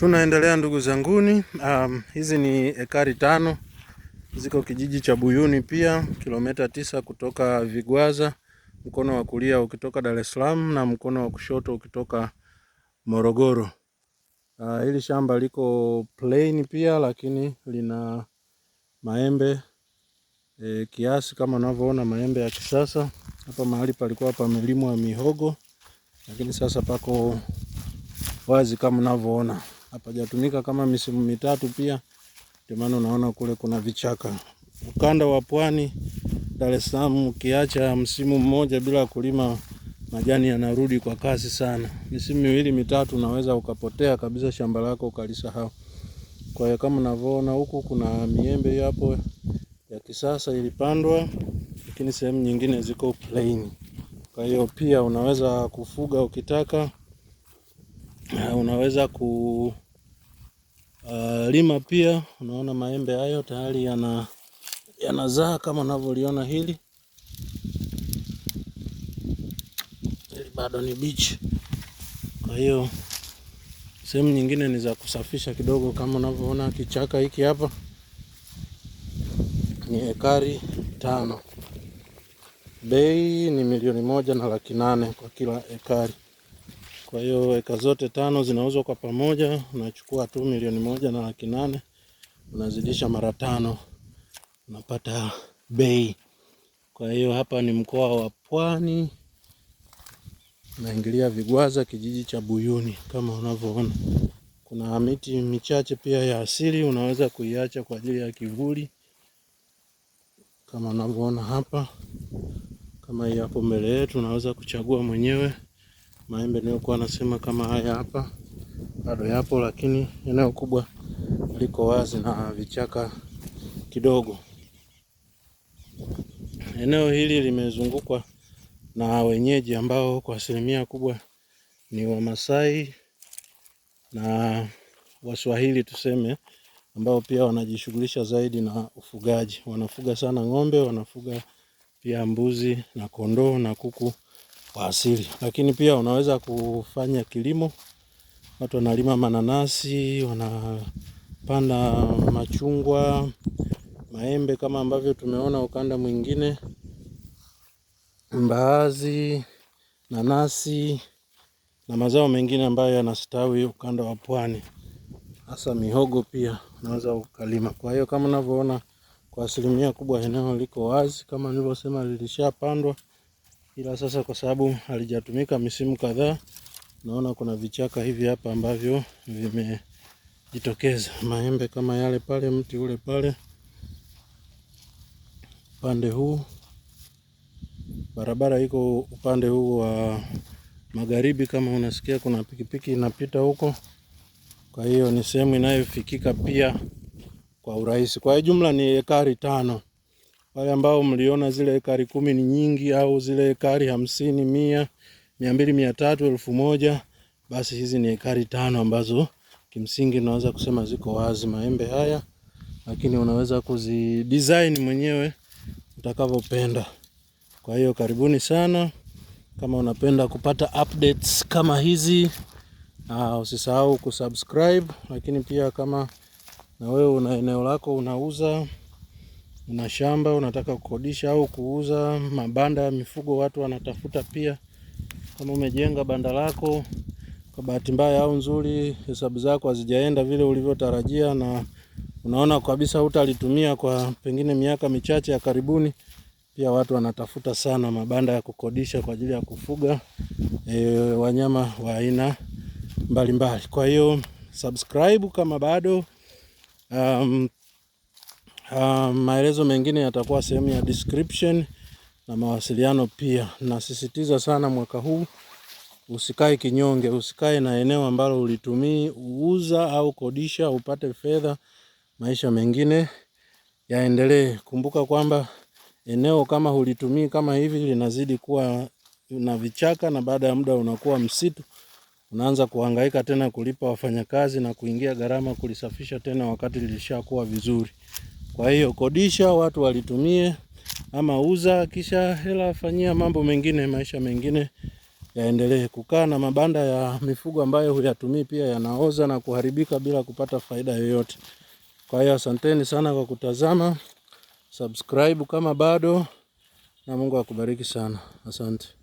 Tunaendelea ndugu zanguni. Um, hizi ni ekari tano ziko kijiji cha Buyuni, pia kilomita tisa kutoka Vigwaza, mkono wa kulia ukitoka Dar es Salaam na mkono wa kushoto ukitoka Morogoro. Uh, hili shamba liko plain pia lakini lina maembe e, kiasi kama unavyoona maembe ya kisasa. Hapa mahali palikuwa pamelimwa mihogo, lakini sasa pako wazi kama unavyoona hapajatumika kama misimu mitatu pia, ndio maana unaona kule kuna vichaka. Ukanda wa pwani Dar es Salaam, ukiacha msimu mmoja bila kulima, majani yanarudi kwa kasi sana. Misimu miwili mitatu unaweza ukapotea kabisa shamba lako ukalisahau. Kwa hiyo kama unavyoona huku kuna miembe hapo ya kisasa ilipandwa, lakini sehemu nyingine ziko plain. Kwa hiyo pia unaweza kufuga ukitaka unaweza kulima uh, pia. Unaona maembe hayo tayari yana yanazaa kama unavyoliona hili hili bado ni bichi, kwa hiyo sehemu nyingine ni za kusafisha kidogo, kama unavyoona kichaka hiki hapa ni ekari tano. Bei ni milioni moja na laki nane kwa kila ekari. Kwa hiyo eka zote tano zinauzwa kwa pamoja, unachukua tu milioni moja na laki nane unazidisha mara tano, unapata bei. Kwa hiyo hapa ni mkoa wa Pwani, naingilia Vigwaza, kijiji cha Buyuni. Kama unavyoona, kuna miti michache pia ya asili, unaweza kuiacha kwa ajili ya kivuli, kama unavyoona hapa, kama hapo mbele yetu, unaweza kuchagua mwenyewe maembe niliyokuwa nasema kama haya hapa bado yapo, lakini eneo kubwa liko wazi na vichaka kidogo. Eneo hili limezungukwa na wenyeji ambao kwa asilimia kubwa ni Wamasai na Waswahili tuseme, ambao pia wanajishughulisha zaidi na ufugaji. Wanafuga sana ng'ombe, wanafuga pia mbuzi na kondoo na kuku kwa asili, lakini pia unaweza kufanya kilimo. Watu wanalima mananasi, wanapanda machungwa, maembe kama ambavyo tumeona ukanda mwingine, mbaazi, nanasi na mazao mengine ambayo yanastawi ukanda wa pwani, hasa mihogo pia unaweza ukalima. Kwa hiyo kama unavyoona, kwa asilimia kubwa eneo liko wazi, kama nilivyosema lilishapandwa ila sasa kwa sababu halijatumika misimu kadhaa, naona kuna vichaka hivi hapa ambavyo vimejitokeza, maembe kama yale pale, mti ule pale, upande huu barabara iko upande huu wa magharibi, kama unasikia kuna pikipiki inapita huko. Kwa hiyo ni sehemu inayofikika pia kwa urahisi. Kwa jumla ni ekari tano wale ambao mliona zile ekari kumi ni nyingi, au zile ekari hamsini, mia, mia mbili, mia tatu, elfu moja, basi hizi ni ekari tano ambazo kimsingi naweza kusema ziko wazi maembe haya, lakini unaweza kuzidesign mwenyewe utakavyopenda. Kwa hiyo karibuni sana. Kama unapenda kupata updates kama hizi, uh, usisahau kusubscribe. Lakini pia kama na wewe una eneo lako unauza una shamba unataka kukodisha au kuuza, mabanda ya mifugo watu wanatafuta pia. Kama umejenga banda lako kwa bahati mbaya au nzuri, hesabu zako hazijaenda vile ulivyotarajia, na unaona kabisa hutalitumia kwa pengine miaka michache ya karibuni, pia watu wanatafuta sana mabanda ya kukodisha kwa ajili ya kufuga e, wanyama wa aina mbalimbali. Kwa hiyo subscribe kama bado um, Uh, maelezo mengine yatakuwa sehemu ya description na mawasiliano pia. Nasisitiza sana mwaka huu usikae kinyonge, usikae na eneo ambalo ulitumii, uuza au kodisha upate fedha, maisha mengine yaendelee. Kumbuka kwamba eneo kama hulitumii kama hivi linazidi kuwa na vichaka, na baada ya muda unakuwa msitu. Unaanza kuhangaika tena kulipa wafanyakazi na kuingia gharama kulisafisha tena, wakati lilishakuwa vizuri. Kwa hiyo kodisha, watu walitumie ama uza, kisha hela fanyia mambo mengine, maisha mengine yaendelee. Kukaa na mabanda ya mifugo ambayo huyatumii pia yanaoza na kuharibika bila kupata faida yoyote. Kwa hiyo asanteni sana kwa kutazama, subscribe kama bado, na Mungu akubariki sana. Asante.